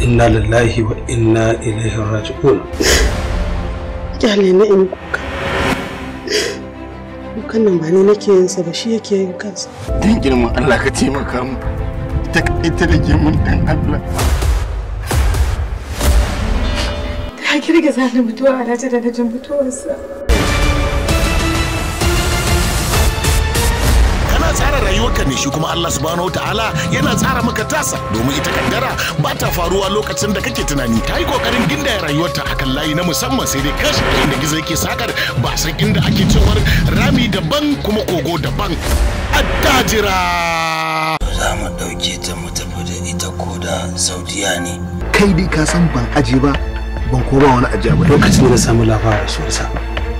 inna lillahi wa inna ilaihi raji'un kyale ne in kuka kukan nan ba ne nake yin sa ba shi yake yin kansa dan girman Allah ka taimaka mu ita ita da girman dan Allah ta girgiza ni mutuwa alhaji da najin mutuwarsa rayuwarka ne shi kuma Allah subhanahu ta'ala yana tsara maka tasa domin ita kaddara ba ta faruwa lokacin da kake tunani ta yi kokarin gindaya rayuwarta a kan layi na musamman sai dai kashi inda gizo yake sakar ba san inda ake cewar rami daban kuma kogo daban attajira za mu dauke ta mu tafi da ita ko da saudiya ne kai dai ka san ban aje ba ban ko wani ajiya ba lokacin da na samu labarin rasuwarsa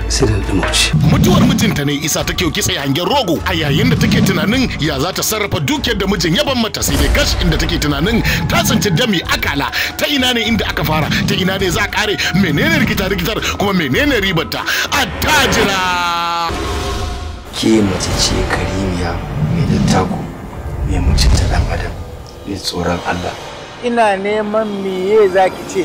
sai da wuce. Mutuwar mijinta ne isa ta kyau kitse hangen rogo a yayin da take tunanin ya za ta sarrafa dukiyar da mijin ya ban mata sai dai gash inda take tunanin ta tsinci dami akala ta ina ne inda aka fara ta ina ne za a kare menene rikita rikitar kuma menene ribarta a tajira. Ke mace ce karimiya mai dattako mai mutunta dan adam mai tsoron Allah. Ina neman meye zaki ce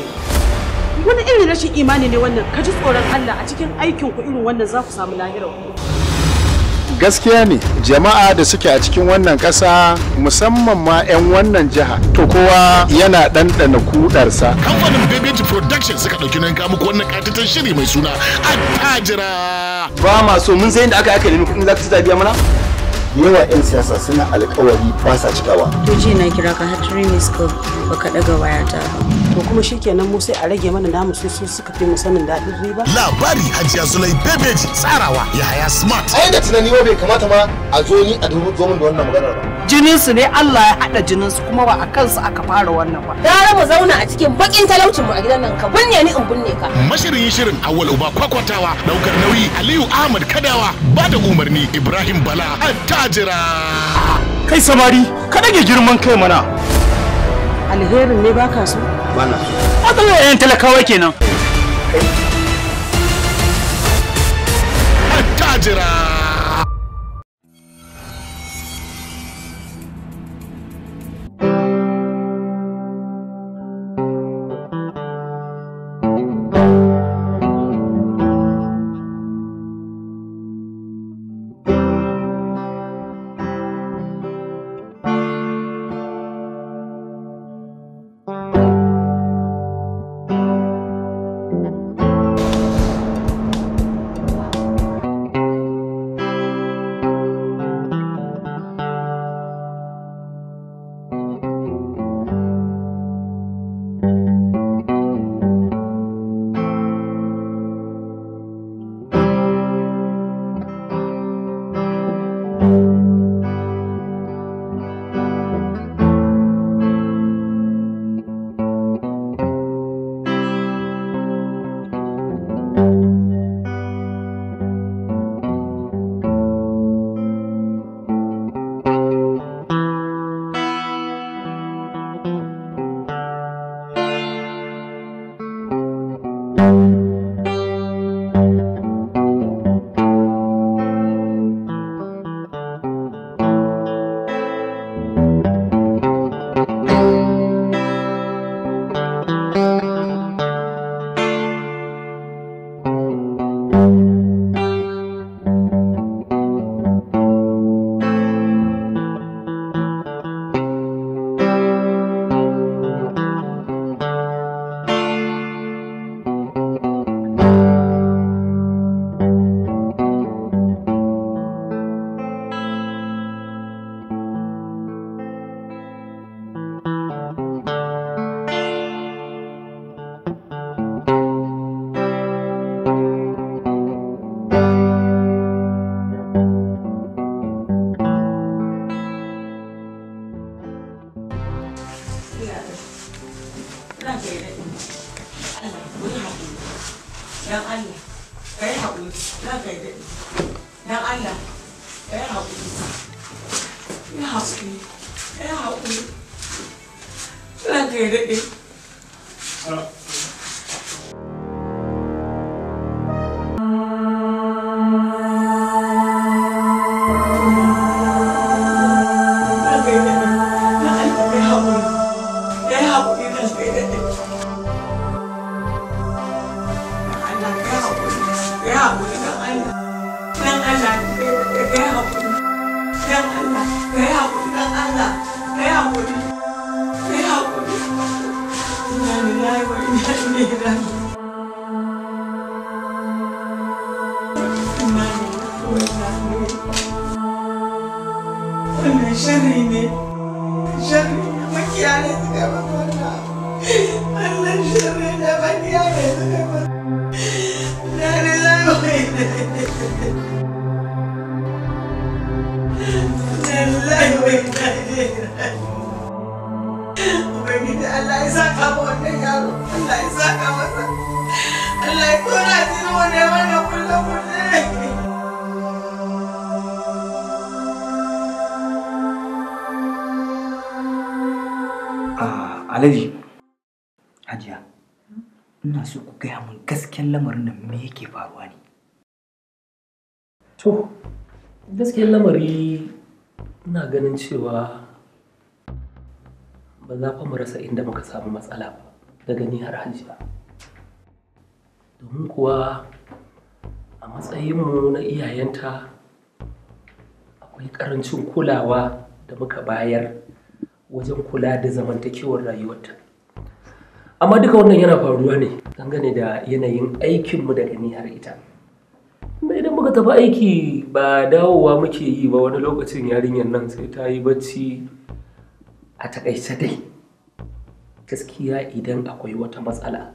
wani irin rashin imani ne wannan ka ji tsoron Allah a cikin aikin ku irin wannan za ku samu lahira gaskiya ne jama'a da suke a cikin wannan ƙasa musamman ma 'yan wannan jiha to kowa yana ɗanɗana kudarsa kamfanin bebeji production suka ɗauki nan kamu wannan ƙatatar shiri mai suna tajira ba ma so mun sayin da aka aka nemi kuɗin za ka ci biya mana yawa 'yan siyasa suna alkawari ba sa cikawa. To ji na kira ka hatri miss call baka daga wayata ta To kuma shikenan mu sai a rage mana namu su su suka fi mu sanin daɗin riba. Labari Hajiya Zulai Bebeji tsarawa Yahaya Smart. Ai da tunani wa bai kamata ma a zo ni a dubu zo da wannan maganar ba. jininsu ne Allah ya haɗa jininsu kuma ba a kansu aka fara wannan ba. Gara mu zauna a cikin bakin talaucin mu a gidan nan ka binne ni in binne ka. Mashirin shirin Awal Uba kwakwatawa daukar nauyi Aliyu Ahmad Kadawa ba da umarni Ibrahim Bala attajira. Kai samari ka dage girman kai mana. Alherin ne baka so? Ba na so. Matsalar 'yan talakawa kenan. Attajira. To, gaskiyar lamari ina ganin cewa ba za fa mu rasa inda muka samu matsala ba daga gani har ba Domin kuwa a matsayinmu na iyayenta akwai ƙarancin kulawa da muka bayar wajen kula da zamantakewar rayuwarta. Amma duka wannan yana faruwa ne dangane da yanayin aikinmu daga gani har ita. muka tafi aiki ba dawowa muke yi ba wani lokacin yarinyar nan sai ta yi bacci a takaice dai gaskiya idan akwai wata matsala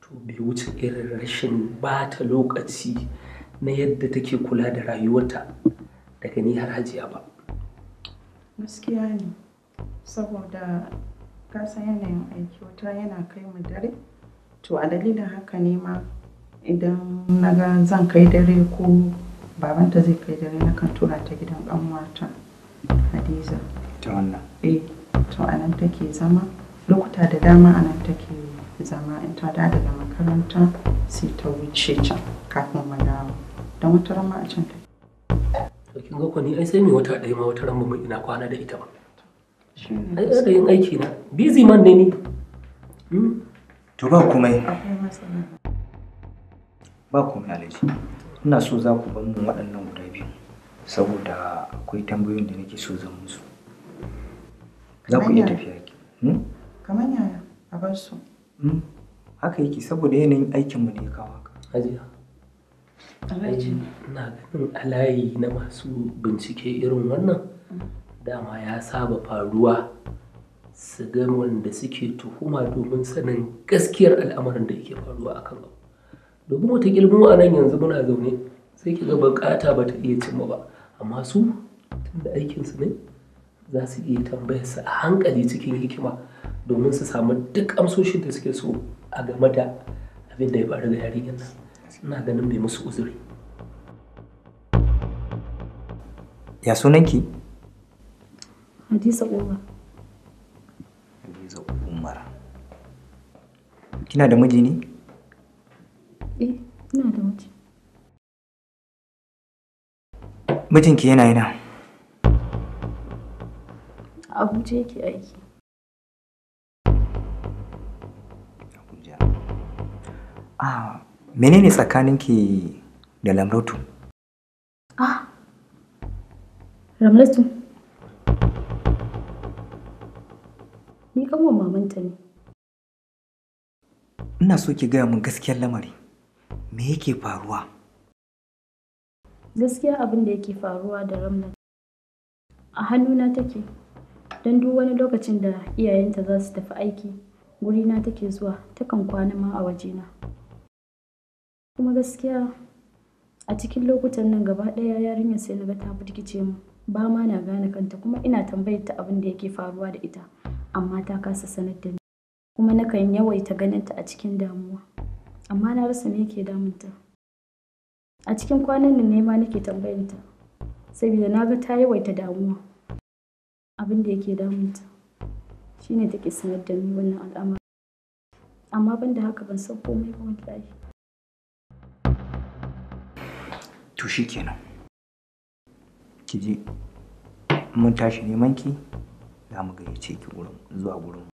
to bai wuce irin rashin bata lokaci na yadda take kula da rayuwarta daga ni har hajiya ba gaskiya ne saboda kasan yanayin aiki wata yana kai mu dare to a dalilin haka ne ma idan na ga zan kai dare ko babanta zai kai dare na kan tura ta gidan wata hadiza ta wannan eh to anan take zama lokuta da dama anan take zama in ta da daga makaranta sai ta wuce can kafin ma dawo don wata ran ma a can take to kin ga ni ai sai mai wata ɗaya ma wata ran ba ina kwana da ita ba ai da yin aiki na busy man ne ni hmm? to ba komai akwai masana ba komai alaji ina so za ku ban waɗannan guda biyu saboda akwai tambayoyin da nake so zan musu za ku iya tafiya ki hmm? kamar yaya a bar su hmm? haka yake saboda yanayin aikinmu ne ya kawo haka hajiya ina ganin alayi na masu bincike irin wannan dama ya saba faruwa su ga wanda suke tuhuma domin sanin gaskiyar al'amarin da yake faruwa akan abu domin wata mu a nan yanzu muna zaune sai ki ga bukata ba ta iya cimma ba amma su tun da aikinsu ne za su iya tambayar su a hankali cikin hikima domin su samu duk amsoshin da suke so a game da abin da ya faru da yarinyar nan ina ganin bai musu uzuri ya sunanki hadisa umar hadisa umar kina da miji ne Ina da miji. Mijinki yana yana. Abuja yake aiki. Abuja. Ah, menene tsakaninki da Lamrotu? Ah, Lamrotu. Ni kawo mamanta ne. Ina so ki gaya min gaskiyar lamari. me yake faruwa gaskiya abin da yake faruwa da ramna a hannuna take don duk wani lokacin da iyayenta za su tafi aiki gurina take zuwa takan kwana ma a waje na. kuma gaskiya a cikin lokutan nan gaba ɗaya yarinyar sai na ga ta birkice mu ba ma na gane kanta kuma ina tambayar ta abin da yake faruwa da ita amma ta kasa sanar da ni kuma nakan yawaita ganin ta a cikin damuwa amma na rasa me yake ta a cikin kwanan nan ne ma nake ta saboda na ga ta yawaita damuwa abin da yake damunta shine take sanar da ni wannan al'amari amma ban da haka ban san komai ba wallahi to shikenan ki je mun tashi neman ki za mu gayyace ki wurin zuwa wurin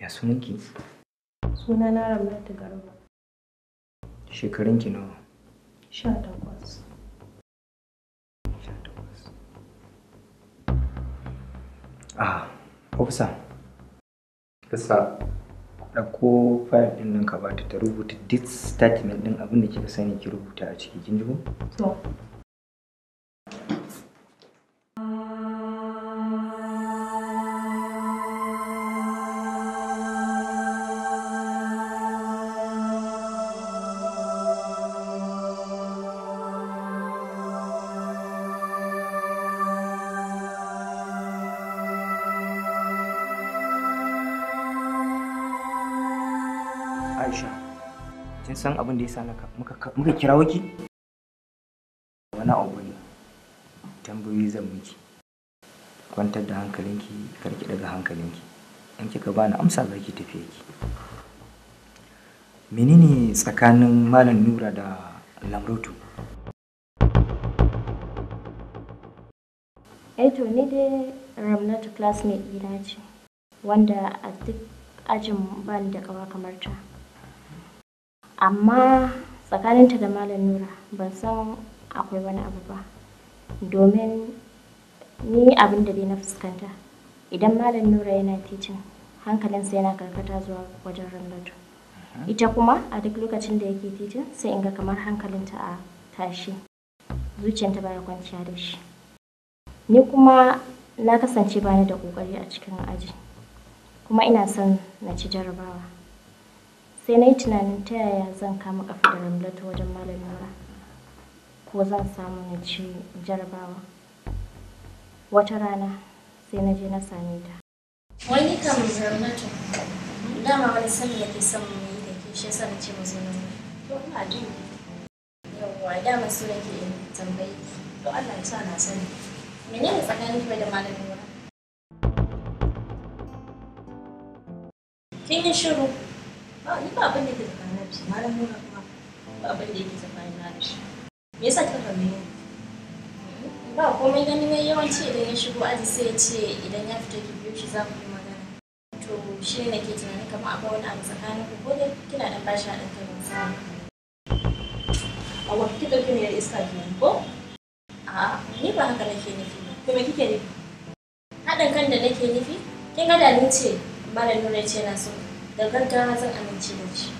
ya sunan ki Suna na Ramlatu Garba. Shekarun ki nawa? Sha takwas. Sha takwas. Ah, Ofisa. Kasa ɗauko fayil ɗin nan ka bata ta rubuta duk statement ɗin abin da kika sani ki rubuta a ciki kin ji ko? To. kin san abin da ya sa muka muka kirawo ki wani abu ne tambayoyi zan miki kwantar da hankalinki karki daga hankalinki in kika bani amsa za ki tafi ki menene tsakanin malam nura da lamrotu eh to ni dai ramnatu classmate ɗina ce wanda a duk ajin ban da kawa kamar ta amma tsakaninta da malam nura ban san akwai wani abu ba domin ni abin da dai na fuskanta idan malam nura yana ticin hankalinsa yana karkata zuwa wajen rallatu mhm. ita kuma a duk lokacin da yake titin sai in ga kamar hankalinta a tashi zuciyanta baya kwanciya da shi ni kuma na kasance bani da kokari a cikin aji kuma ina son na ci jarabawa sai na yi tunanin ta yaya zan kama kafa da ramlata wajen malamin nura ko zan samu na ci jarabawa wata rana sai na je na same ta wani kamar ramlata dama wani sani yake son mu yi da ke shi yasa na ce mazo nan to ina jin yawwa dama su nake tambayi to Allah ya sa na sani menene tsakanin ki da malamin nura kin yi shiru ba ni ba abin da yake tsakanin da shi malam nuna kuma ba abin da yake tsakanin na da shi me yasa kika kame ni ba komai ganin yayi yawanci idan ya shigo aji sai ya ce idan ya fita ki biyo shi za ku yi magana to shi ne nake tunanin kamar akwai wani abu tsakanin ku ko dai kina dan bashi a ɗan kai samu a wata kika kina yar iska kenan ko a'a ni ba haka nake nufi ba kuma kike nufi haɗin kan da nake nufi kin ga da ni ce mara nuna ce na so da gaggawa zan amince da shi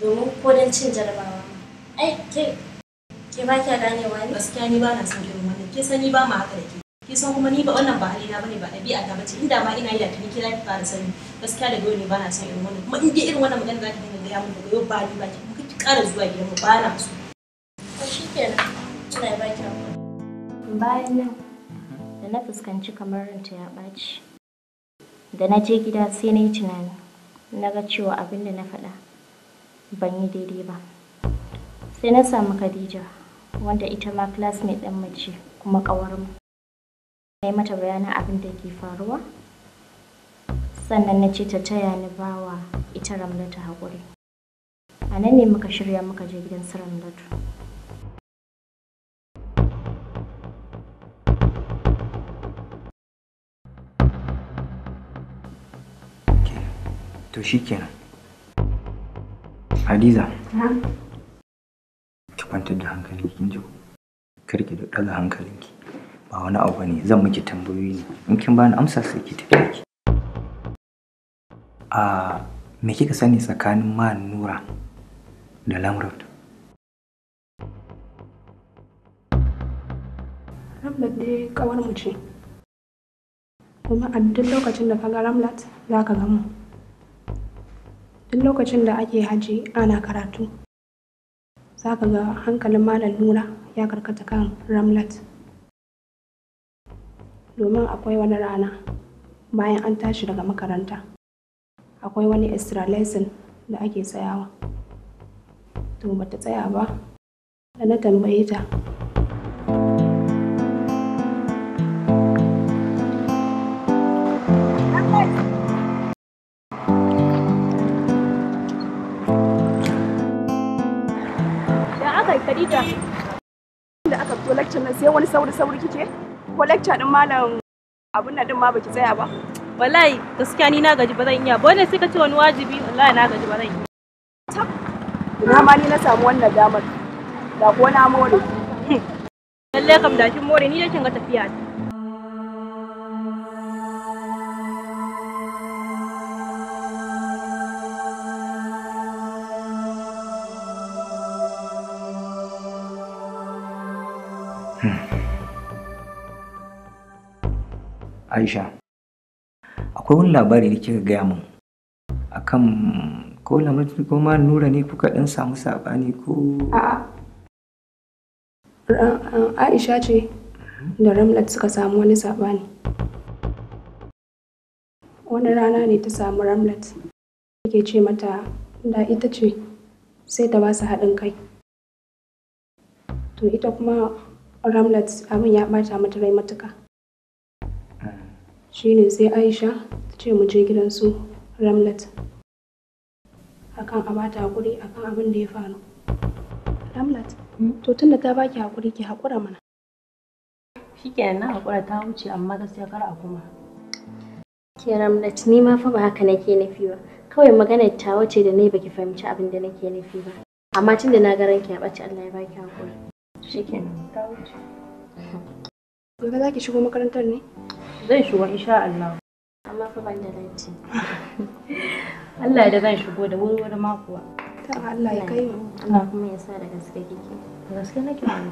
domin ko don cin jarabawa ai ke ke ba kya ganewa ne gaskiya ni ba na son irin wannan ke sani ba ma haka da ke ki san kuma ni ba wannan ba halina bane ba ɗabi'a ta bace inda ma ina yi da ke kira ki fara sani gaskiya da dole ba na son irin wannan kuma in dai irin wannan magana za dinga gaya mun daga yau ba ni ba ki kuma ki ƙara zuwa gidan mu ba na so to shikenan ina ba ki bayan nan da na fuskanci kamar ranta ya ɓaci da na je gida sai na yi tunani na ga cewa abin da na faɗa ban yi daidai ba sai na samu khadija wanda ita ma classmate ɗan mace kuma ƙawarmu na yi mata bayanin abin da ke faruwa sannan na ce ta taya ni bawa ita ramlata haƙuri a nan ne muka shirya muka je gidan su ramlatu to kenan. hadiza ki kwantar da hankalinki, ji karki da ɗaga hankalinki ba wani abu bane zan miki tambayoyi ne in kin bani amsa sai ki tafi ki a me kika sani tsakanin man nura da lamrod Ramlat dai kawar mu ce. Kuma a duk lokacin da ka ga Ramlat za ka gamu. duk lokacin da ake haji ana karatu za ka ga hankalin malam nura ya karkata kan ramlat domin akwai wani rana bayan an tashi daga makaranta akwai wani extra lesson da ake tsayawa to bata tsaya ba da na tambaye ta Farida da aka fito lecture nan sai wani sauri sauri kike ko lecture din malam abun nan din ma baki tsaya ba wallahi gaskiya ni na gaji ba zan iya bane sai ka ce wani wajibi wallahi na gaji ba zan iya tab ina ma ni na samu wannan damar da ko na more lalle kam da kin more ni da kin ga tafiya Aisha akwai wani labari da kika gaya min akan ko lamarin ko ma nura ne kuka dan samu sabani ko a'a Aisha ce da Ramlat suka samu wani sabani wani rana ne ta samu Ramlat yake ce mata da ita ce sai ta ba su haɗin kai to ita kuma Ramlat abin ya ɓata mata rai matuka Shi ne sai Aisha ta ce mu je gidan su Ramlat. Akan a bata hakuri akan abin da ya faru. Ramlat, hmm? to tunda ta baki hakuri ki hakura mana. Shikenan na hakura ta wuce amma ta sai kar a kuma. Ke Ramlat ni ma fa ba haka nake nufi ba. Kawai magana ta wuce da ne baki fahimci abin da nake nufi ba. Amma tunda na ga ranki ya bace Allah ya baki hakuri. Shikenan ta wuce. Gobe za ki shigo makarantar ne? Zan shigo insha Allah. Amma fa ban da laifi. Allah da zan shigo da wuri wani makuwa. Ta Allah ya kai mu. Allah kuma ya sa da gaske kike. gaske nake mu.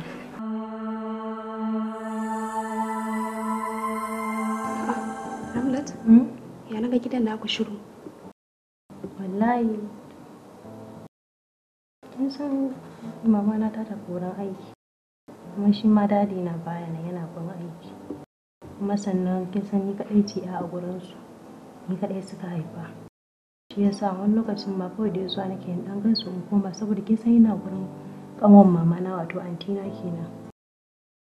Ramlat? Hmm? Ya naga gidan da aku shiru. Wallahi kin san mama na ta tafi wurin aiki. Kuma shi ma dadi na baya yana gurin aiki. kuma sannan kin san ni kaɗai ce a gurinsu ni kaɗai suka haifa shi yasa wani lokacin ma kawai da yasa nake dan gan su in koma saboda kin san ina gurin ƙanwan mama na wato antina kenan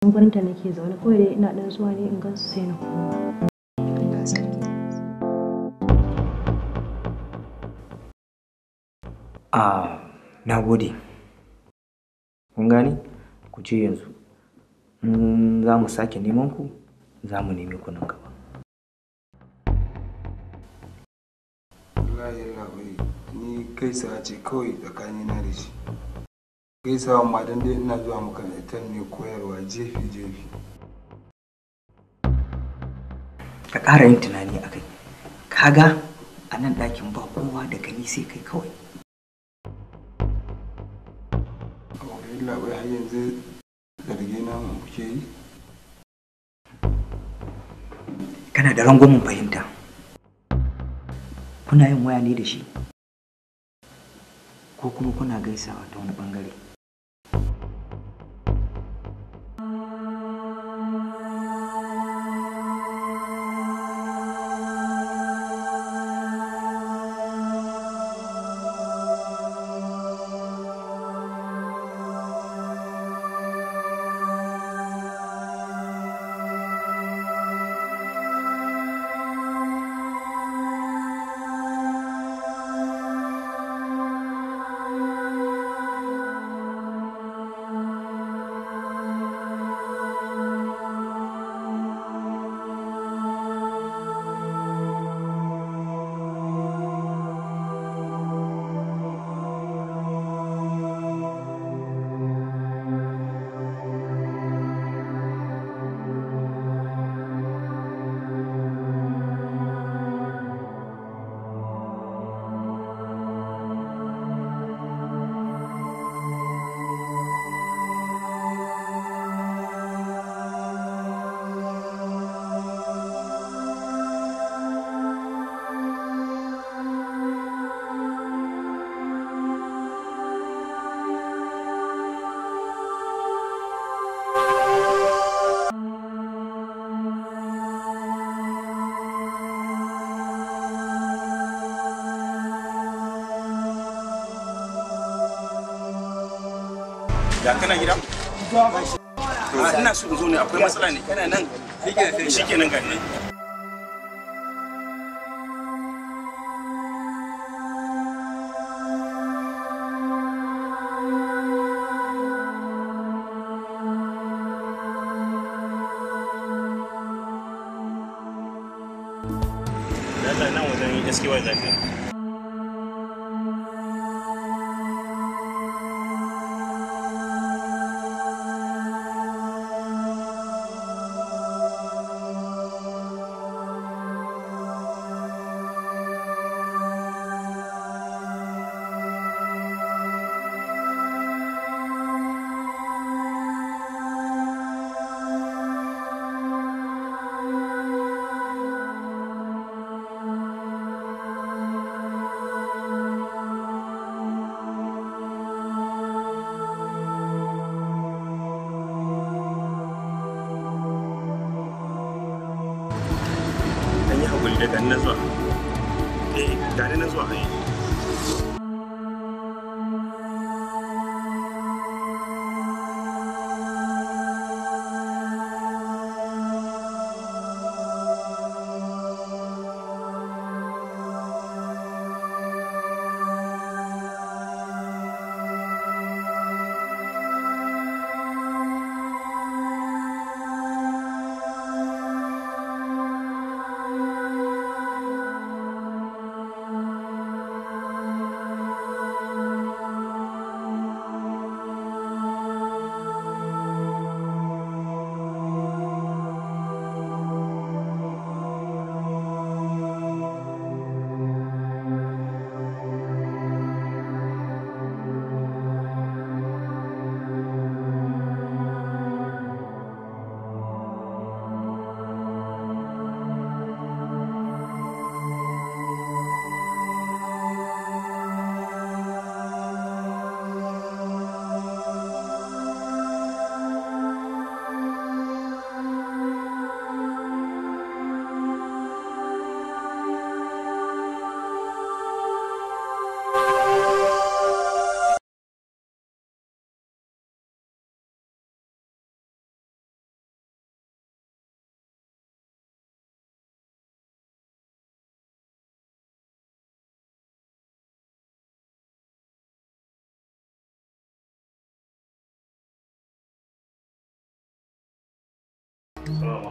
in gurin ta nake zaune kawai dai ina dan zuwa ne in gan su sai na koma a ah, na gode kun gane ku ce yanzu za mu sake neman ku za mu nemi ku nan gaba ya labari ni kai sa ce kawai tsakani na da shi sa ma dan dai ina zuwa makarantar ne koyarwa jefi jefi ka ƙara yin tunani a kai ga, a nan ɗakin ba kowa da gani sai kai kawai labari har yanzu zargi na mu yi kana da rangwamin fahimta kuna yin waya ne da shi ko kuma kuna gaisawa ta wani bangare ya kana gida ina so zo ne akwai matsala ne kana nan shikenan gane.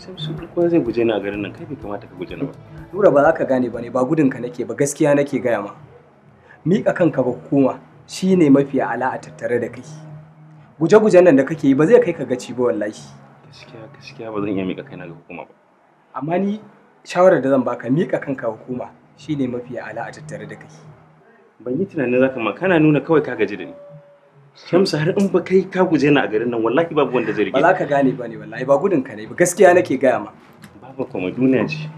Sam su kowa zai guje ni a garin nan kai bai kamata ka guje ni ba. Nura ba za ka gane ba ne ba gudunka ka nake ba gaskiya nake gaya ma. Miƙa kanka ba kuma shi ne mafi ala a tattare da kai. Guje-gujen nan da kake yi ba zai kai ka gaci ba wallahi. Gaskiya gaskiya ba zan iya miƙa kaina ga hukuma ba. Amma ni shawarar da zan baka miƙa kanka hukuma shi ne mafi ala a tattare da kai. Ban yi tunanin zaka ma kana nuna kawai ka gaji da ni. Shamsu har in ba kai ka guje ni a garin nan wallahi babu wanda zai rike. Ba ka gane ba ne wallahi ba gudun ka ne ba gaskiya nake gaya ma. Babu kuma duniya ce.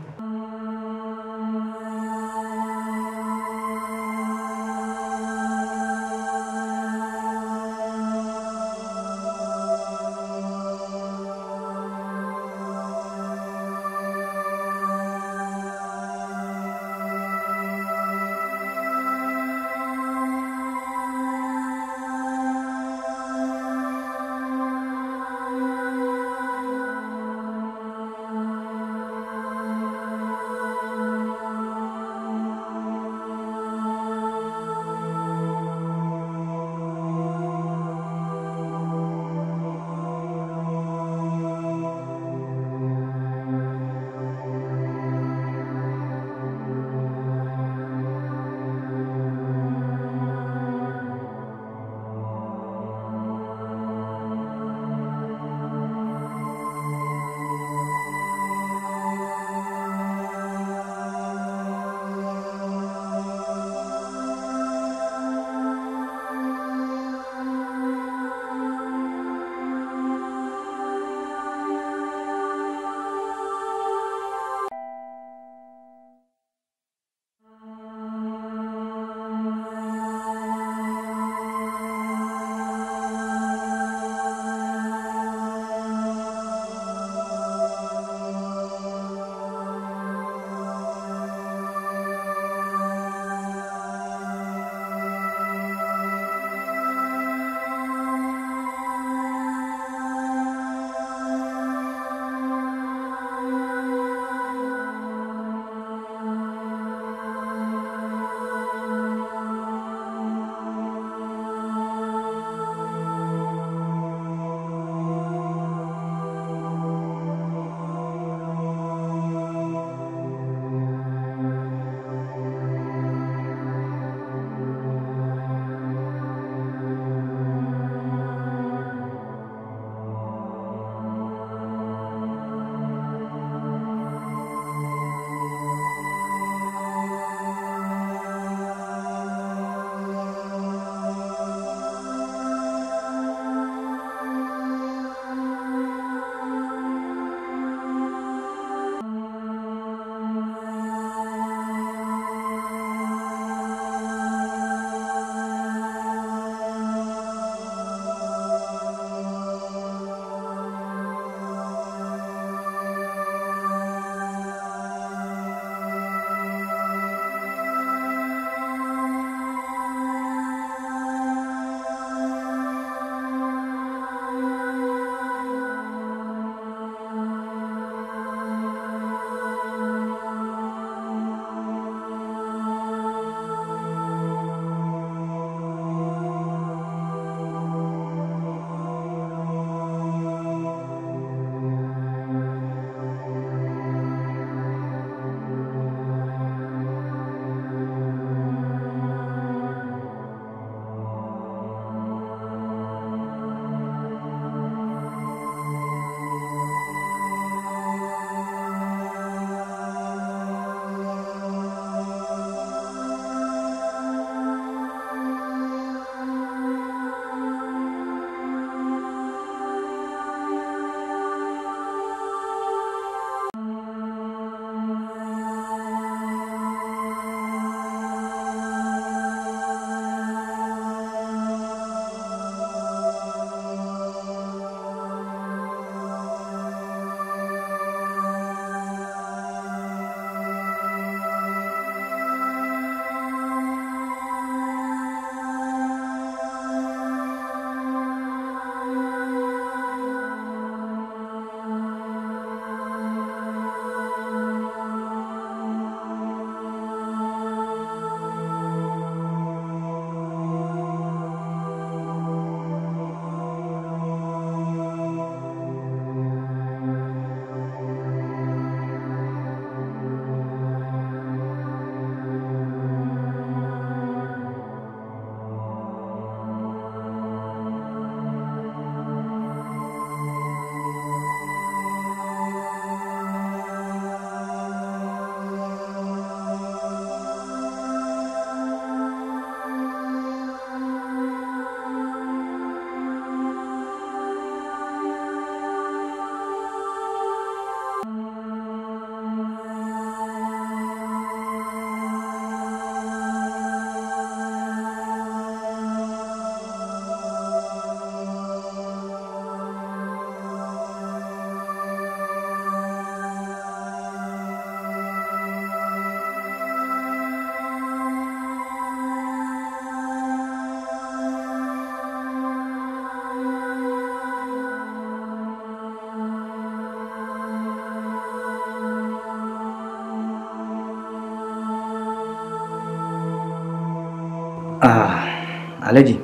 Alhaji,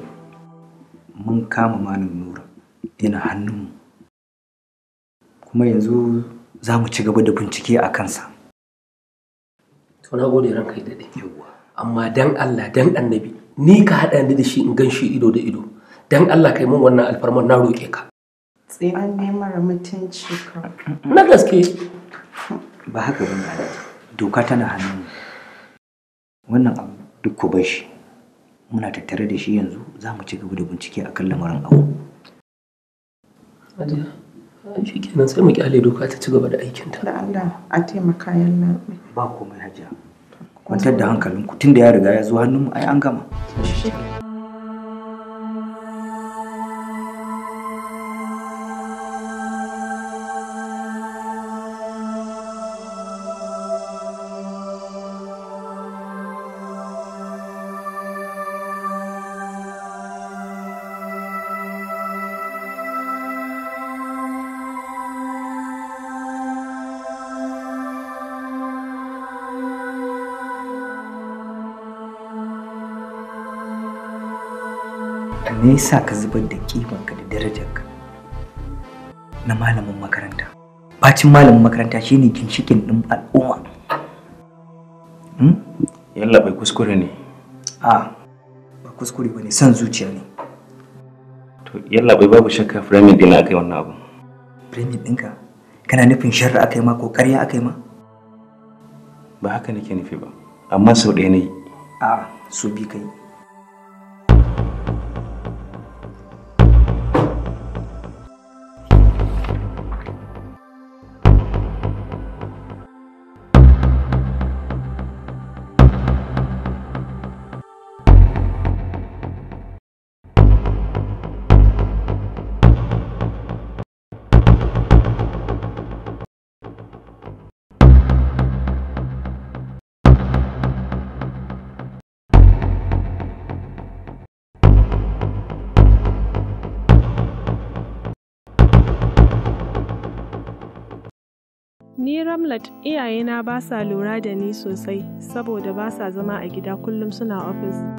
mun kama malam Nura yana hannunmu. Kuma yanzu za mu ci gaba da bincike a kansa. To na gode ranka yi daɗe. Amma dan Allah dan annabi ni ka haɗa ni da shi in gan shi ido da ido. Dan Allah kai mun wannan alfarmar na roƙe ka. tsayan neman mutunci ka. Na gaske. Ba haka ba Doka tana hannunmu. Wannan abu duk ku bar shi. muna tattare da shi yanzu za mu ci gaba da bincike akan lamarin abu shi kenan sai mu kyale doka ta ci gaba da aikinta da Allah a taimaka yalla. ba komai hajiya kwantar da hankalinku tun da ya riga ya zo hannun mu ai an gama yasa ka zubar da kimanka da darajarka na malamin makaranta bacin malamin makaranta shine ginshikin din al'umma hmm? yalla bai kuskure ne a ba kuskure bane san zuciya ne to yalla bai babu shakka framing din akai wannan abu framing Ka kana nufin sharri akai ma ko ƙarya akai ma ba haka nake nufi ba amma sau ɗaya ne a su bi kai iyayena ba sa lura da ni sosai saboda ba sa zama a gida kullum suna ofis.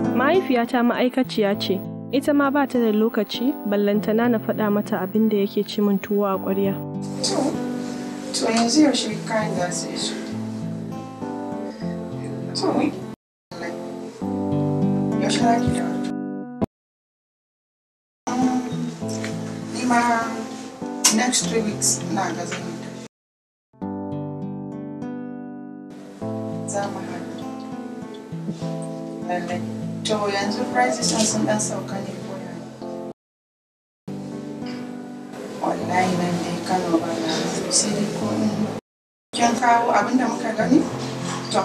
Mahaifiyata ma'aikaciya ce, ita ma ba ta da lokaci ballantana na faɗa mata abin da yake ci min tuwo a ƙwarya. To, to yanzu yaushe kayan da To, yaushe na ki Ni ma next three weeks na gazin enterprises prices some dan sauka ne kano ba na sai dai ko kin kawo da muka gani to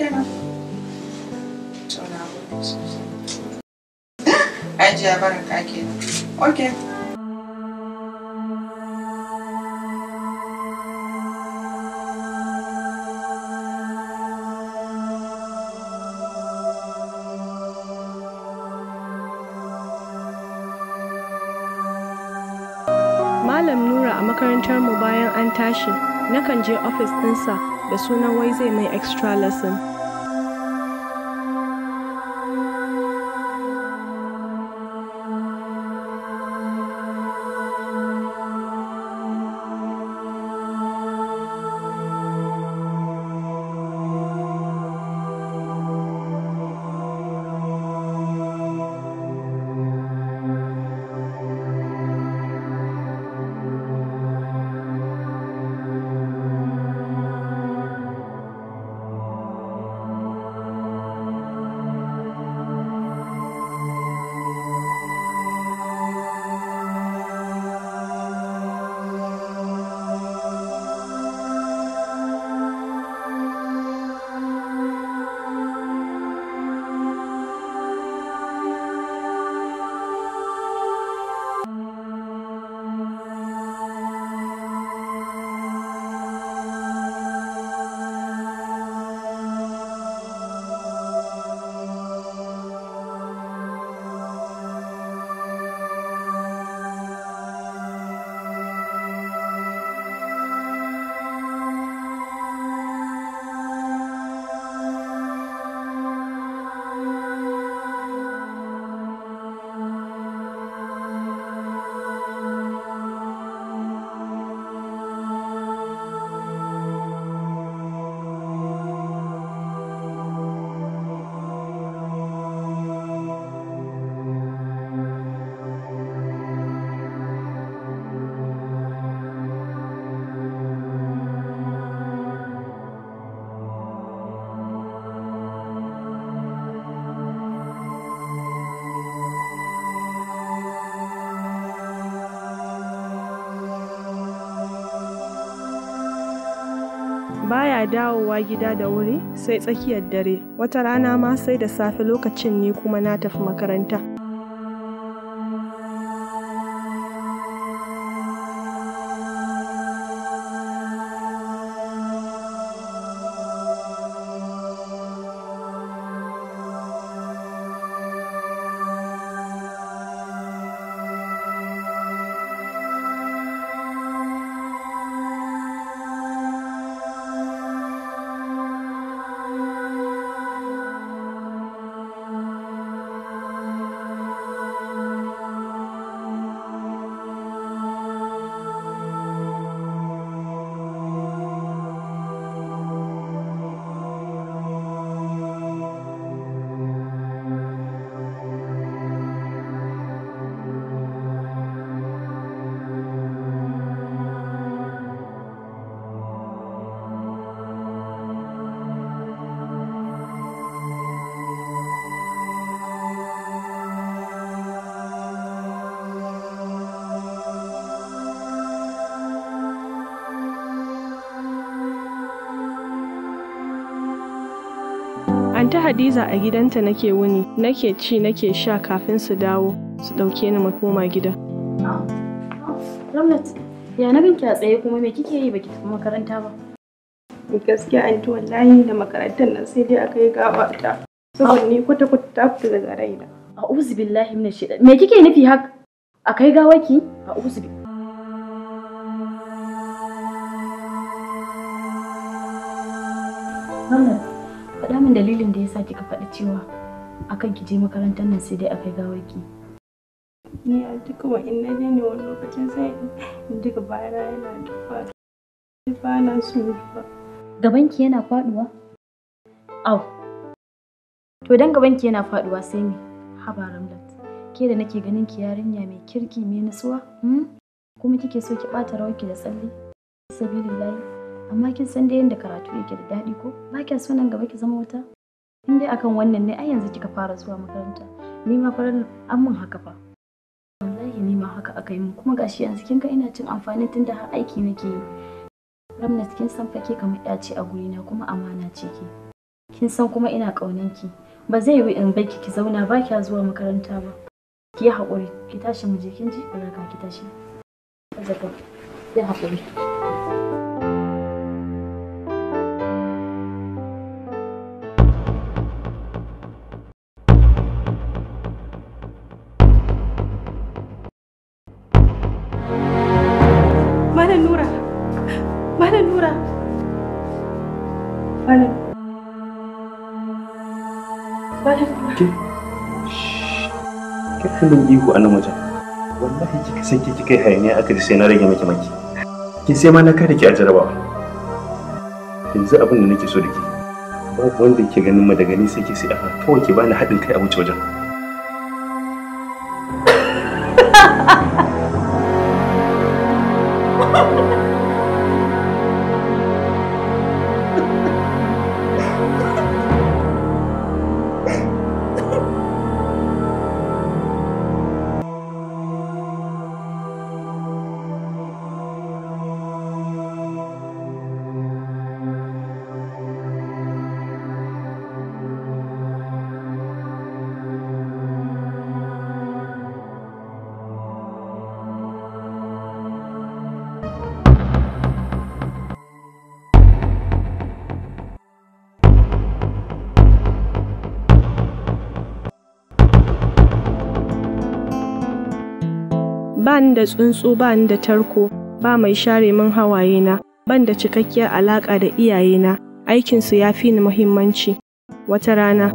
kenan to na gode sosai okay tashi nakan je ofis ɗinsa da sunan wai zai mai extra lesson dawowa gida da wuri sai tsakiyar dare, wata rana ma sai da safe lokacin ni kuma na tafi makaranta. Anta Hadiza a gidanta nake wuni, nake ci nake sha kafin su dawo su ɗauke ni makoma gida. Ramlat, ya na ganki a tsaye kuma me kike yi baki tafi makaranta ba? Gaskiya anti wallahi da makarantar nan sai dai aka yi gaba ta. Saboda ni kwata kwata ta fita daga raina. A'udhu billahi minash shida Me kike nufi haka? Akai gawaki? uzu billahi. Ka faɗi cewa akan ki je makarantar nan sai dai akai gawarki ni a duk wa in naje ne wani lokacin sai in duka bayana yana dufa ba na so ba ki yana faduwa au to dan ki yana faduwa sai me Haba da ke da nake ganin ki yarinya mai kirki mai Hmm? kuma kike so ki bata rawarki da tsalle sabilillahi amma kin san dai yadda karatu yake da daɗi ko ba kya so nan gaba ki zama wata in dai akan wannan ne ai yanzu kika fara zuwa makaranta ni ma farar an mun haka fa wallahi ni ma haka aka yi mu kuma gashi yanzu kin ga ina cin amfani tunda har aiki nake yi ramna kin san fa ke kamar ya ce a gurina kuma amana ce ki. kin san kuma ina kaunan ki ba zai yi in baki ki zauna ba kya zuwa makaranta ba ki yi haƙuri ki tashi mu je kin ji ki tashi zaka ya haƙuri dukkanin min ihu a nan wajen wallahi kika sake kika kai hayaniya aka ji sai na rage maki maki ki sai ma na kada ki a jarabawa yanzu abin da nake so da ke babu wanda ke ganin madagani sai ki sai a kawai ki bani haɗin kai a wuce wajen da tsuntsu ba ni da tarko, ba mai share min hawaye na, ban da cikakkiyar alaƙa da iyayena, aikinsu ya fi ni muhimmanci. Wata rana,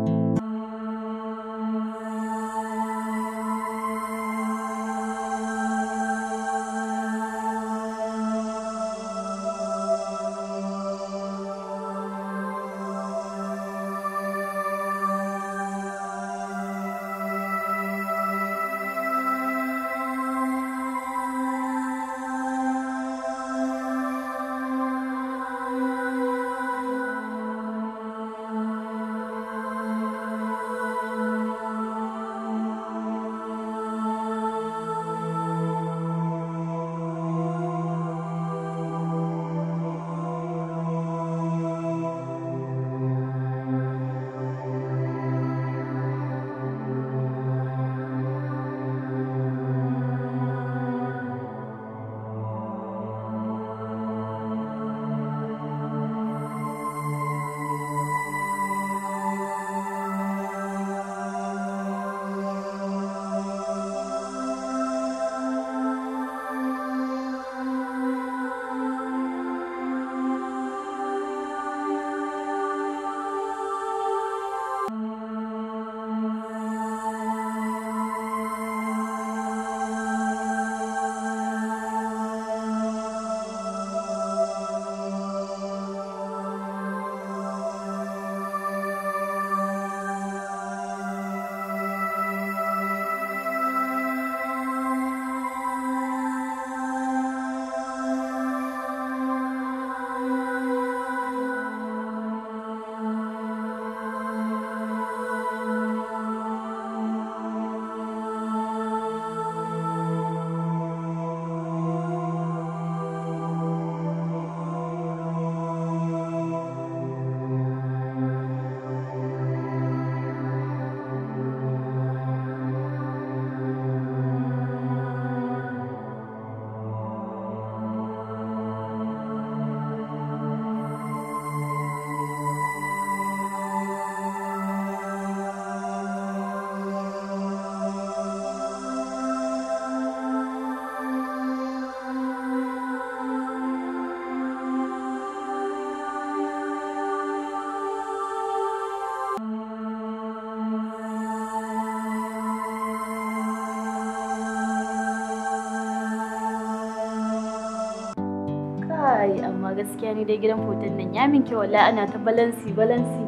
gaskiya ni dai gidan foton nan ya min kyau wallahi ana ta balansi balansi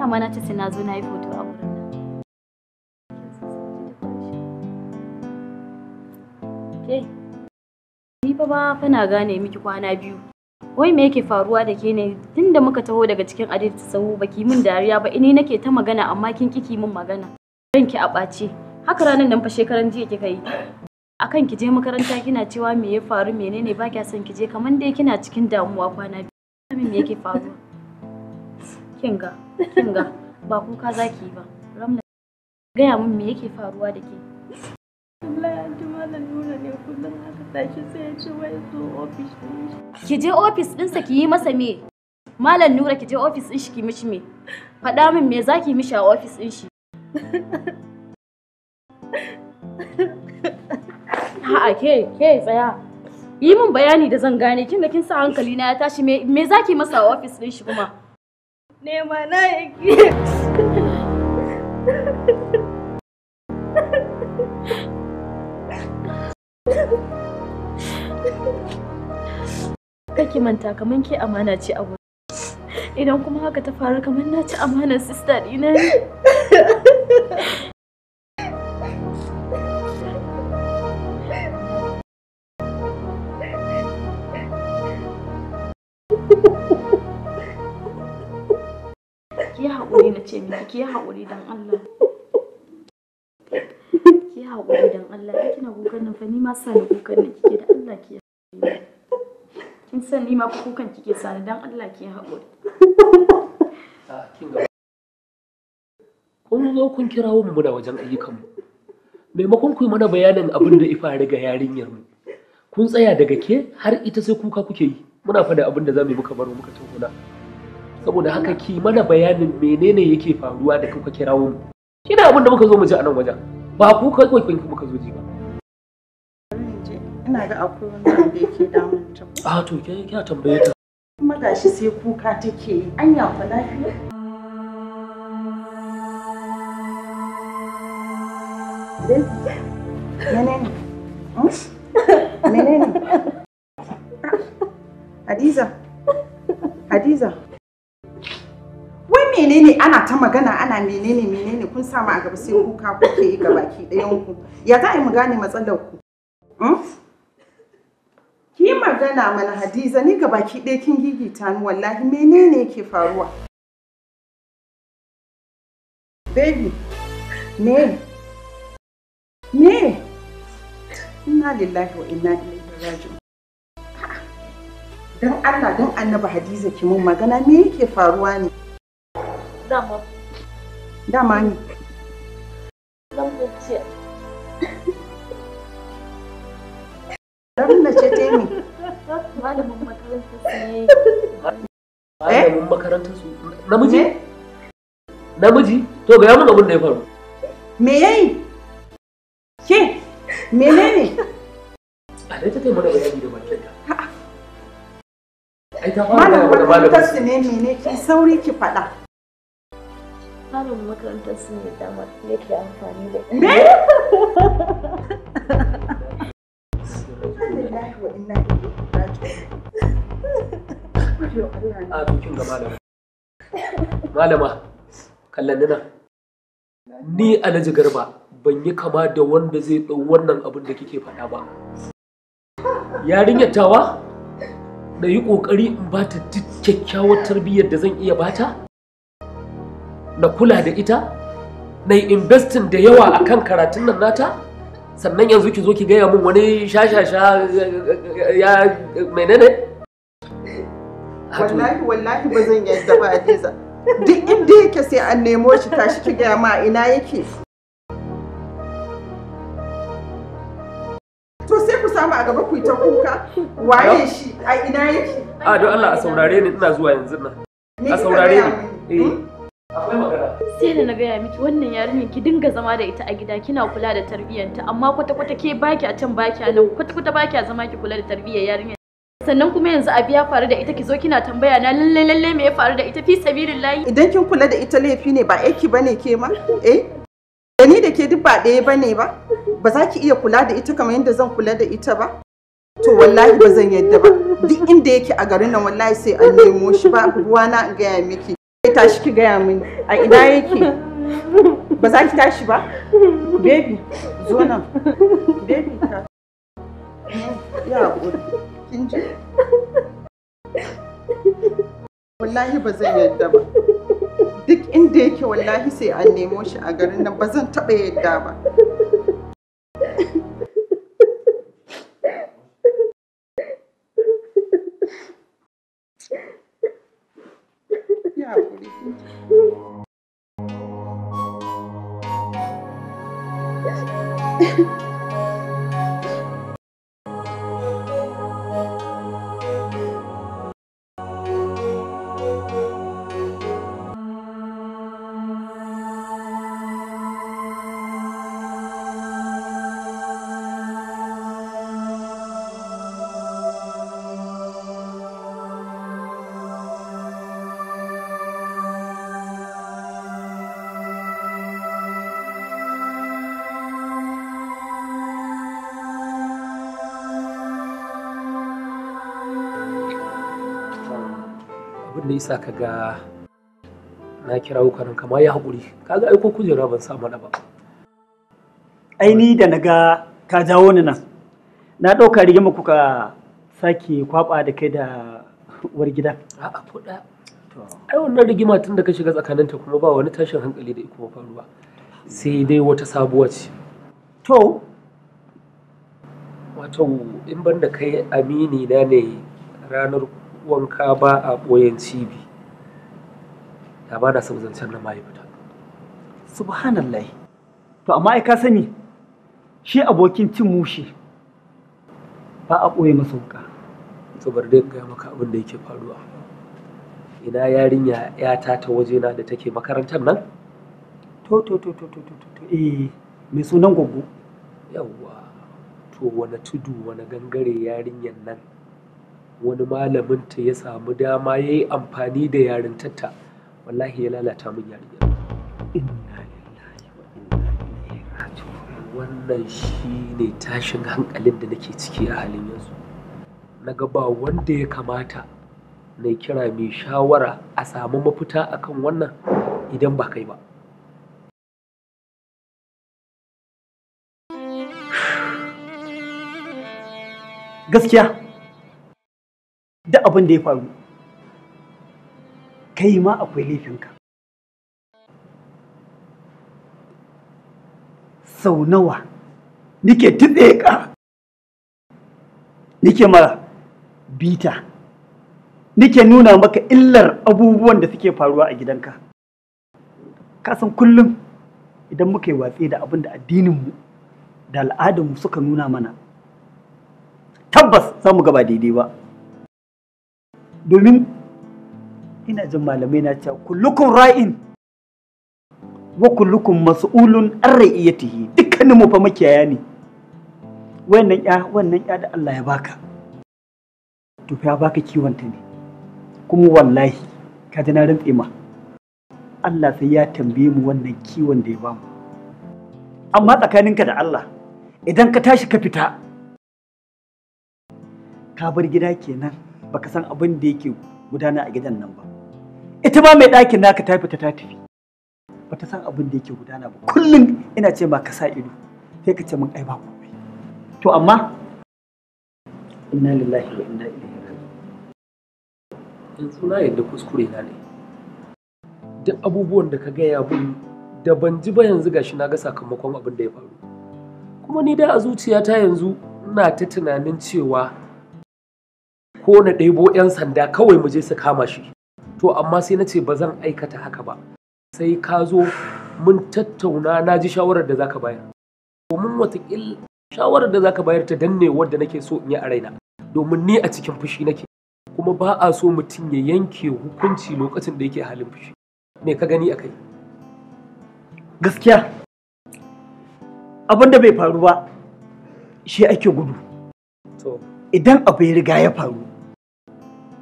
dama na ce sai na zo na yi foto a wurin nan ke ni fa ba kana gane miki kwana biyu wai me yake faruwa da ke ne tunda muka taho daga cikin adalci sahu baki min dariya ba ini nake ta magana amma kin kiki min magana ranki a ɓace haka ranar nan fa shekaran jiya kika yi akan ki je makaranta kina cewa me ya faru menene ba kya son ki je kamar dai kina cikin damuwa kwana biyu me yake faruwa kinga kinga ba kuka zaki yi ba ramna gaya min me yake faruwa da ke ki je ofis ɗinsa ki yi masa me malam nura ki je ofis ɗin shi ki mishi me faɗa min me zaki mishi a ofis ɗin shi A'a ke ke tsaya. Yi min bayani da zan gane kin da kin sa hankali na ya tashi me me zaki masa a office din shi kuma? Nema na yake. Kake manta kaman ke amana ce a wurin. Idan kuma haka ta faru kamar na ci amanar sister ɗina ne. ce miki ki haƙuri dan Allah ki haƙuri dan Allah ki kina kukan nan fa ni ma sa ni kukan nan kike da Allah ki haƙuri kin san ni ma kukan kike sa ni dan Allah ki haƙuri ah, kun zo kun kirawo mu da wajen ayyukanmu maimakon ku yi mana bayanin abin da ifa riga yarinyar mu kun tsaya daga ke har ita sai kuka kuke yi muna fada abin da za mu yi muka baro muka tuhuna saboda haka ki mana bayanin menene yake faruwa da kuka kirawo mu kina abin da muka zo mu ji a nan wajen ba ku kai kai kun muka zo ji ba ina ga akwai wanda da yake damun ta a to ke kina tambaye ta kuma gashi sai kuka take anya fa lafiya menene hmm? menene Hadiza Hadiza menene ana ta magana ana menene menene kun sama a gaba sai kuka kuke yi gabaki ɗayan ku ya za a yi mu gane matsalar ku hmm? ki magana mana hadiza ni gabaki ɗaya kin gigita ni wallahi menene yake faruwa baby me me inna lillahi wa inna ilaihi raji'un don Allah don Annabi Hadiza ki mun magana me yake faruwa ne Dama. Dama ne. Ramna ce. ce ta eh? Namiji? Namiji? To ga yamin abin da ya faru. Me yayi? Ke? ne. Alai ta bayani da su ne mene ki sauri ki faɗa. tsarin makarantar su ne yake amfani da ne a malama malama kallon nan ni alhaji garba ban yi kama da wanda zai ɗau wannan abin da kike faɗa ba yarinyar tawa na yi ƙoƙari in ba ta duk kyakkyawar tarbiyyar da zan iya bata na kula da ita na investin da yawa a kan karatun nan nata sannan yanzu ki zo ki gaya min wani shashasha ya menene wallahi wallahi ba zan yadda ba Hadiza duk inda yake sai an nemo shi tashi ki gaya ma ina yake to sai ku samu a gaba ku yi ta kuka waye shi a ina yake a don Allah a saurare ni ina zuwa yanzu nan a saurare ni eh hmm? akwai magana sai na gaya miki wannan yarinyar ki dinga zama da ita a gida kina kula da tarbiyyanta amma kwata kwata ke baki a can baki a nan kwata kwata baki a zama ki kula da tarbiyyar yarinyar sannan kuma yanzu abi ya faru da ita ki zo kina tambaya na lalle lalle me ya faru da ita fi sabilillahi idan kin kula da ita laifi ne ba aiki bane ke ma eh da ni da ke duk ba ɗaya bane ba ba za ki iya kula da ita kamar yadda zan kula da ita ba to wallahi ba zan yadda ba duk inda yake a garin nan wallahi sai an nemo shi ba ruwana ga gaya miki tashi ki gaya mini a ina yake ba za ki tashi ba baby zo nan baby ta ya haƙuri kin ji wallahi ba zan yadda ba duk inda yake wallahi sai an nemo shi a garin nan ba zan taɓa yadda ba Yeah. yasa ka ga na kira nan kama ya haƙuri kaga aiko kujera ban sa mana ba ai ni da naga ka jawo ni nan na ɗauka rigima kuka sake kwaɓa da kai da uwar gida a'a ko da ai wannan rigima tun da ka shiga tsakaninta kuma ba wani tashin hankali da kuma faruwa sai dai wata sabuwa ce to wato in banda kai amini na ne ranar wanka ba a ɓoyen cibi da ba da son zancen na mahaifita subhanallah to amma ai ka sani shi abokin cin mushi ba a ɓoye masa wuka saboda dai ga maka abin da yake faruwa ina yarinya yata ta waje na da take makarantar nan to to to to to to to eh mai sunan gogo yawwa to wani tudu wani gangare yarinyar nan wani malaminta ya samu dama ya yi amfani da tatta wallahi ya lalata min yarinyar wannan shi ne tashin hankalin da nake ciki a halin yanzu na gaba wanda ya kamata na kira mai shawara a samu mafita akan wannan idan ba kai ba gaskiya Da abin da ya faru kai ma akwai laifinka sau nawa nike tuɗe ka nike mara bita nike nuna maka illar abubuwan da suke faruwa a gidanka kasan kullum idan muka yi watsi da abin da addininmu da al'adunmu suka nuna mana tabbas za mu gaba daidai ba domin ina jin malamai na cewa kullukun ra'in wa kullukun mas'ulun an ra'iyatihi dukkanin mu makiyaya ne wannan ya wannan ya da Allah ya baka to fa baka kiwon ta ne kuma wallahi ka ji na rantse ma Allah sai ya tambaye mu wannan kiwon da ya bamu amma tsakaninka da Allah idan ka tashi ka fita ka bar gida kenan baka san abin da yake gudana a gidan nan ba ita ba mai ɗakin naka ta fita ta tafi bata san abin da yake gudana ba kullum ina ce ma ka sa ido sai ka ce min ai ba komai to amma inna lillahi wa inna ilaihi raji'un yanzu na yadda kuskure na ne duk abubuwan da ka gaya bin da ban ji ba yanzu gashi na ga sakamakon abin da ya faru kuma ni da a zuciyata yanzu ina ta tunanin cewa ko na ɗebo 'yan sanda kawai mu je su kama shi to amma sai na ce ba zan aikata haka ba sai ka zo mun tattauna na ji shawarar da za ka bayar domin watakil shawarar da za ka bayar ta danne wadda nake so in yi a raina domin ni a cikin fushi nake kuma ba a so mutum ya yanke hukunci lokacin da yake halin fushi me ka gani akai kai gaskiya abin da bai faru ba shi ake gudu idan abu ya riga ya faru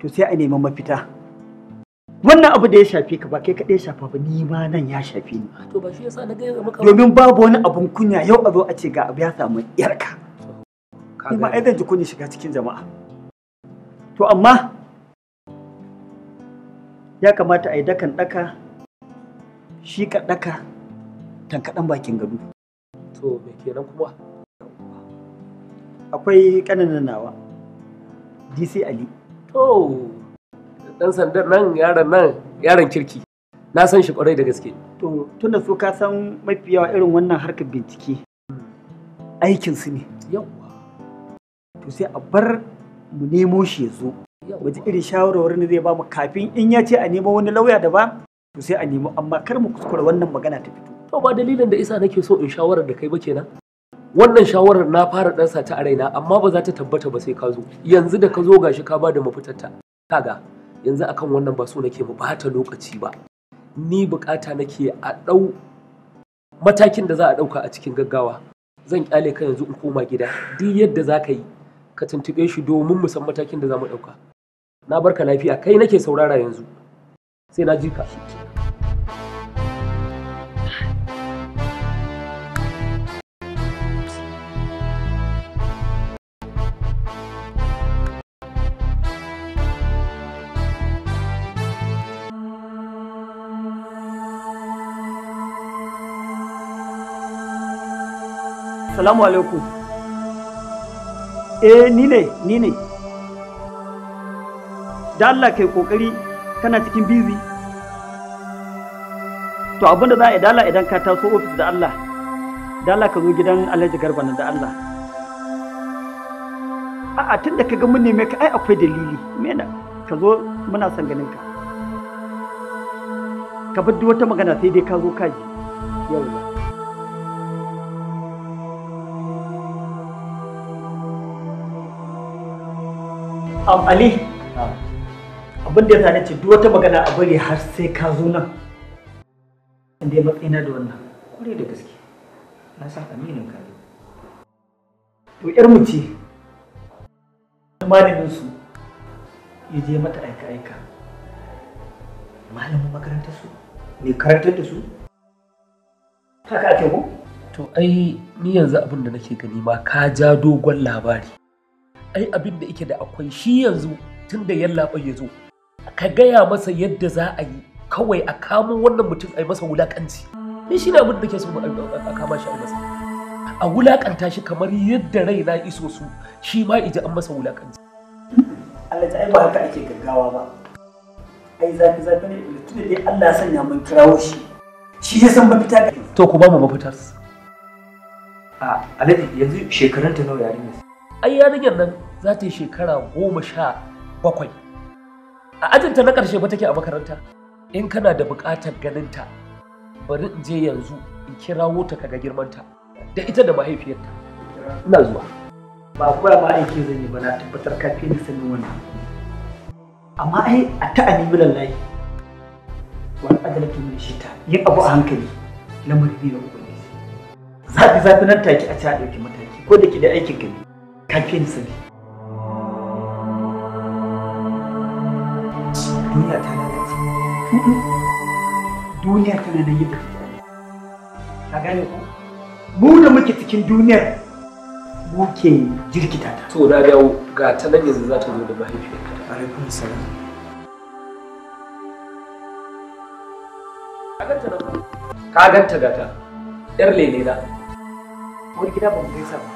to sai a nemi mafita wannan abu da ya shafe ka ba kai kaɗai shafa ba ni ma nan ya shafe ni to ba shi yasa na ga maka domin babu wani abun kunya yau a zo a ce ga abu ya samu yarka ni ma ai ji kunya shiga cikin jama'a to amma ya kamata a yi dakan daka shi ka daka tankaɗan bakin gado to me kenan kuma akwai ƙananan nawa dc ali to dan sandan nan yaron nan yaron kirki na san shi kwarai da gaske to tunda su ka san mafi yawa irin wannan harkar bincike aikin su ne yawa to sai a bar mu nemo shi ya zo waje irin shawarwarin da zai ba mu kafin in ya ce a nemo wani lauya da ba to sai a nemo amma kar mu kuskura wannan magana ta fito to ba dalilin da isa nake so in shawarar da kai ba kenan wannan shawarar na fara ɗansa ta raina amma ba za ta tabbata ba sai ka zo yanzu da ka zo gashi ka ba da mafitarta kaga yanzu akan wannan ba so nake mu bata lokaci ba ni bukata nake a ɗau matakin da za a ɗauka a cikin gaggawa zan kyale ka yanzu in koma gida duk yadda za ka yi ka tuntuɓe shi domin mu san matakin da za mu ɗauka na barka lafiya kai nake saurara yanzu sai na ji ka Assalamu alaikum. Eh ni ne, ni ne. Da Allah kai kokari kana cikin busy. To abinda za a yi dala idan ka taso ofis da Allah. Allah ka zo gidan Alhaji Garba nan da Allah. A'a tun da ka ga mun neme ka ai akwai dalili. na ka zo muna son ganin ka. Ka bar duk wata magana sai dai ka zo ka ji. Am Ali. Abin da ya sani ce duk wata magana a bari har sai ka zo nan. Inda ya matsina da wannan. Kwarai da gaske. Na san aminin kare. To ƴar mu ce. Malamin malaminsu ya je mata aika aika. Malamin makarantar su ne karantar da su. Haka ake ko? To ai ni yanzu abin da nake gani ma ka ja dogon labari. ai abin da yake da akwai shi yanzu tun da yallaɓa ya zo ka gaya masa yadda za a yi kawai a kamo wannan mutum a yi masa wulakanci ni shi ne abin da ke so a kama shi a masa a wulakanta shi kamar yadda rai na iso su shi ma iji an masa wulakanci Allah ta ai ba haka ake gaggawa ba ai zafi zafi ne tun da dai Allah ya sanya mun kirawo shi shi ya san mafita to ku ba mu mafitar a alaji yanzu shekarun ta nawa yarinya ai yarinyar nan za ta yi shekara goma sha bakwai a ajinta na ƙarshe ba take a makaranta in kana da buƙatar ganinta bari in je yanzu in kirawo ta kaga girmanta da ita da mahaifiyarta ina zuwa ba koya ma aiki zan yi ba na tabbatar ka fi ni sanin wannan amma ai a ta'ani milan lallai wani adalci ne shi ta yin abu a hankali lamari ne na ubangiji zafi zafi nan take a ci a ɗauki mataki ko da ke da aikin gani ka fi ni sani duniya ta lalace duniya tana nan yadda take ka gane ko mu da muke cikin duniyar mu ke jirkita ta to da dawo ga ta nan yanzu za ta zo da mahaifiyarka alaikum salam ka ganta gata yar lele na wani gida ba mu gaisa ba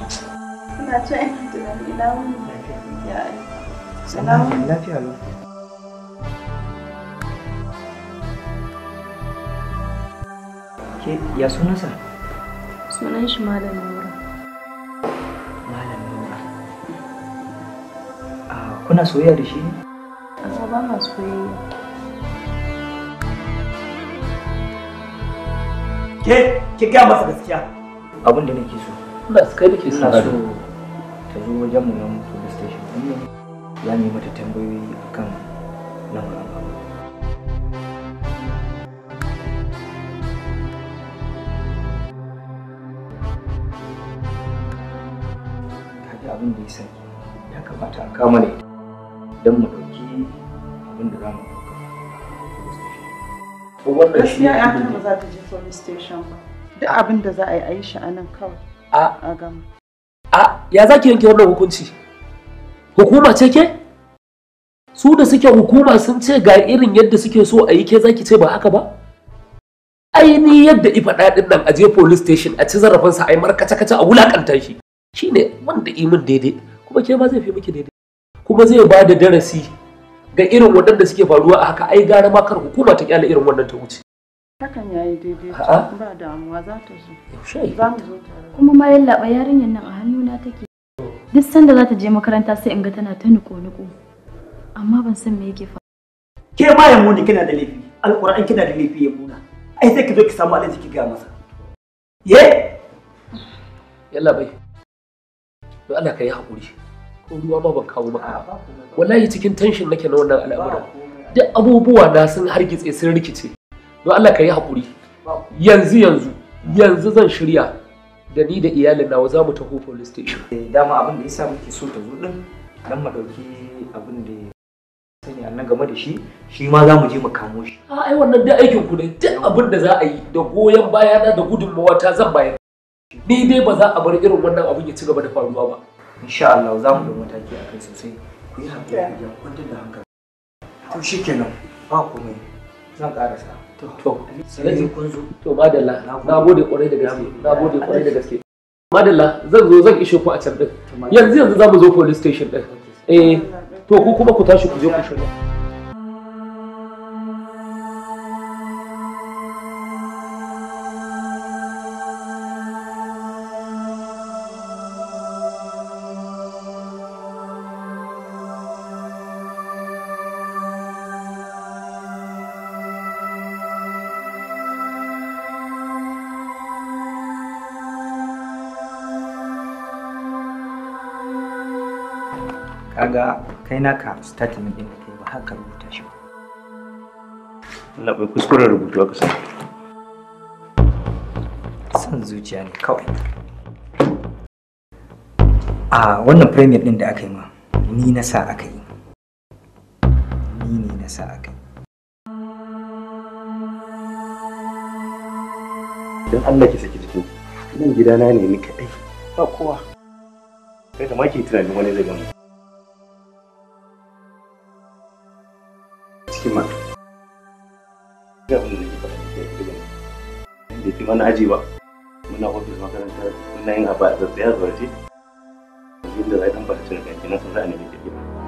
ina cewa ina tunani lafiya lafiya lafiya lafiya Ke ya sunansa? Sunan shi Malam Nura. Malam Nura. Kuna soyayya da shi? a ba ma soyayya. Ke ke gaya masa gaskiya. Abin da nake so. Ba su kai nake so. Ina so ta zo wajen mu nan police station. Ya nemi ta tambayoyi akan lamarin abin da ya sani ya kamata a kama da ita don mu ɗauki abin da za mu ɗauka ko wannan shi ya ta ba za ta je police station ba duk abin da za a yi a yi shi a nan kawai a gama a ya za ki yanke wannan hukunci hukuma ce ke su da suke hukuma sun ce ga irin yadda suke so a yi ke za ki ce ba haka ba ainihin yadda ifa ɗaɗin nan a je police station a ci zarafinsa a yi markace-kace a wulakanta shi shine wanda imin daidai kuma ke ma zai fi miki daidai kuma zai ba da darasi ga irin waɗanda suke faruwa a haka ai gara ma kar hukuma ta kyale irin wannan ta wuce hakan yayi daidai ba damuwa za ta zo za mu zo kuma ma yallaɓa yarinyar nan a hannuna take duk sanda za ta je makaranta sai in ga tana ta niko-niko amma ban san me yake faruwa ke ma ya muni kina da laifi alƙur'an kina da laifi ya muna ai sai ki zo ki samu alaji ki ga masa ye Yallaɓai. to Allah ka yi haƙuri ko ruwa ma ban kawo maka wallahi cikin tension nake na wannan al'amuran duk abubuwa na sun hargitse sun rikice to Allah ka yi haƙuri yanzu yanzu yanzu zan shirya da ni da iyalin nawa za mu taho police station eh, dama abin da yasa muke so ta zo din dan mu dauki abin da sani annan game da shi shi ma za mu je mu kamo shi a ai wannan da aikin ku ne duk abin da za a yi da goyon baya da gudunmawa ta zan bayar ni dai ba za a bar irin wannan abin ya ci gaba da faruwa ba insha Allah za mu da mataki a kai sosai ku yi haƙuri ku kwantar da hankali to shikenan ba komai zan karasa to to sai kun zo to madalla na gode kwarai da gaske na gode kwarai da gaske madalla zan zo zan ishe ku a can din yanzu yanzu za mu zo police station din eh to ku kuma ku tashi ku je ku shirya ga kai naka statement ɗin da kai ba haka rubuta shi ba. Allah bai kuskuren rubutu aka sa. Son zuciya ne kawai. A wannan premier ɗin da aka yi ma ni na sa aka yi. Ni ne na sa aka yi. Don Allah ki saki jiki. Nan gidana ne ni kaɗai. Ba kowa. Kai da ma ke tunanin wani zai gama. kai abin da nake faɗa ne ke gidan da ke mana aji ba muna ofis makarantar muna yin abu a tsaye a zuwa ce inda za a ɗan ba ta na sun a nemi tafiya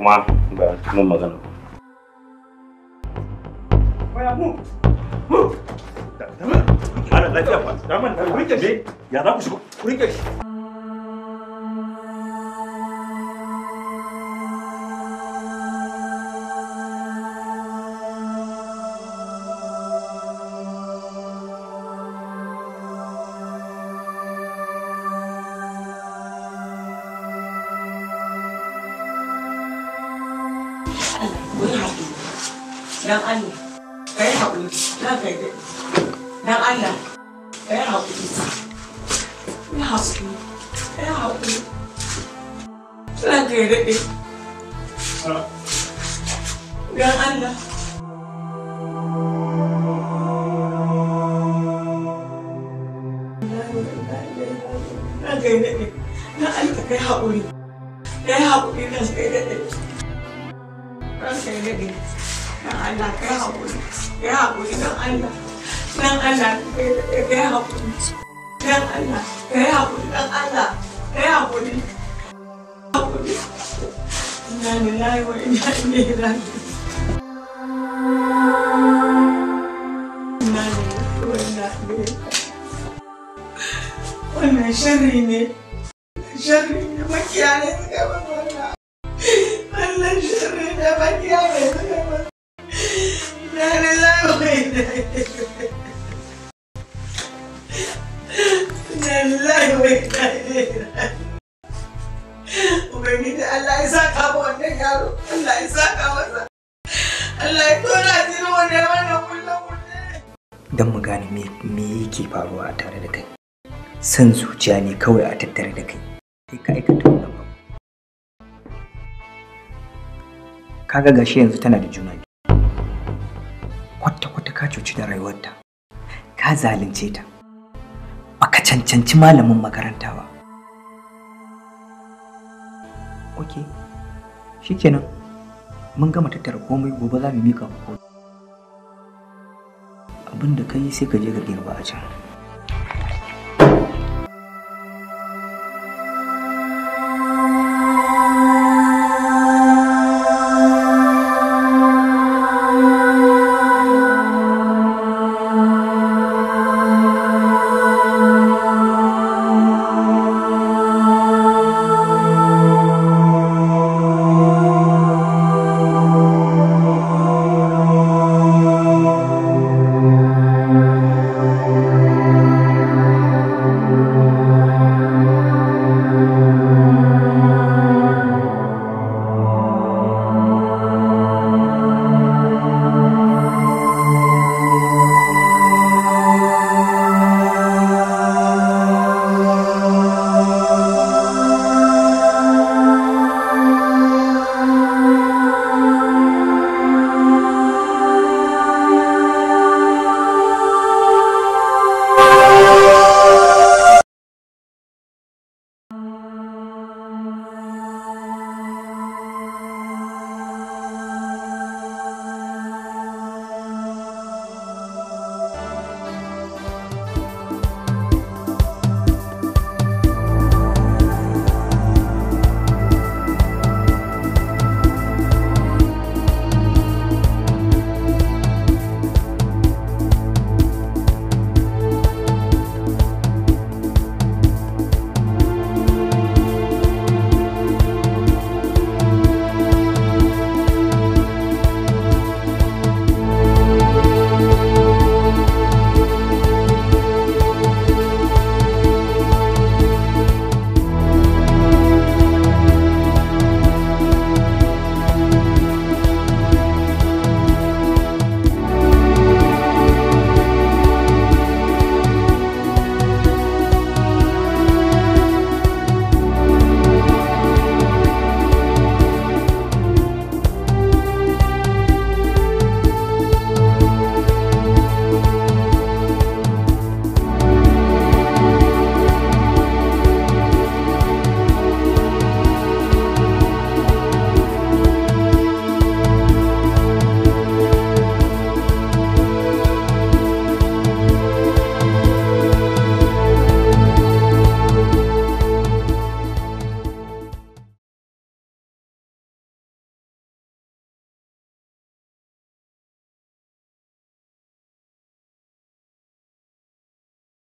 kuma ba mun magana ba baya mu mu da m da n lafiya ba da man da rike shi ya za ku shigo rike shi ranka ya daɗe na alka kai haƙuri ya haƙuri na ya daɗe ranka ya daɗe na Allah kai haƙuri kai haƙuri don Allah na Allah kai haƙuri don Allah kai haƙuri don Allah kai haƙuri haƙuri wa wallahi sharri ne sharri ne makiya suka ba wannan Allah sharri ne makiya suka ba na ne za mu yi na ne za mu yi Ubangiji Allah ya saka wa wannan yaro Allah ya saka masa Allah ya tura jini wannan wannan kullum kullum dan mu gane me yake faruwa a tare da kai san zuciya ne kawai a tattare da kai kai ka aikata wannan ba kaga gashi yanzu tana da juna kwata kwata ka cuci da rayuwarta ka zalunce ta baka cancanci malamin makaranta ba ok shikenan mun gama tattara komai gobe za mu mika ku abin da kai sai ka je ka girba a can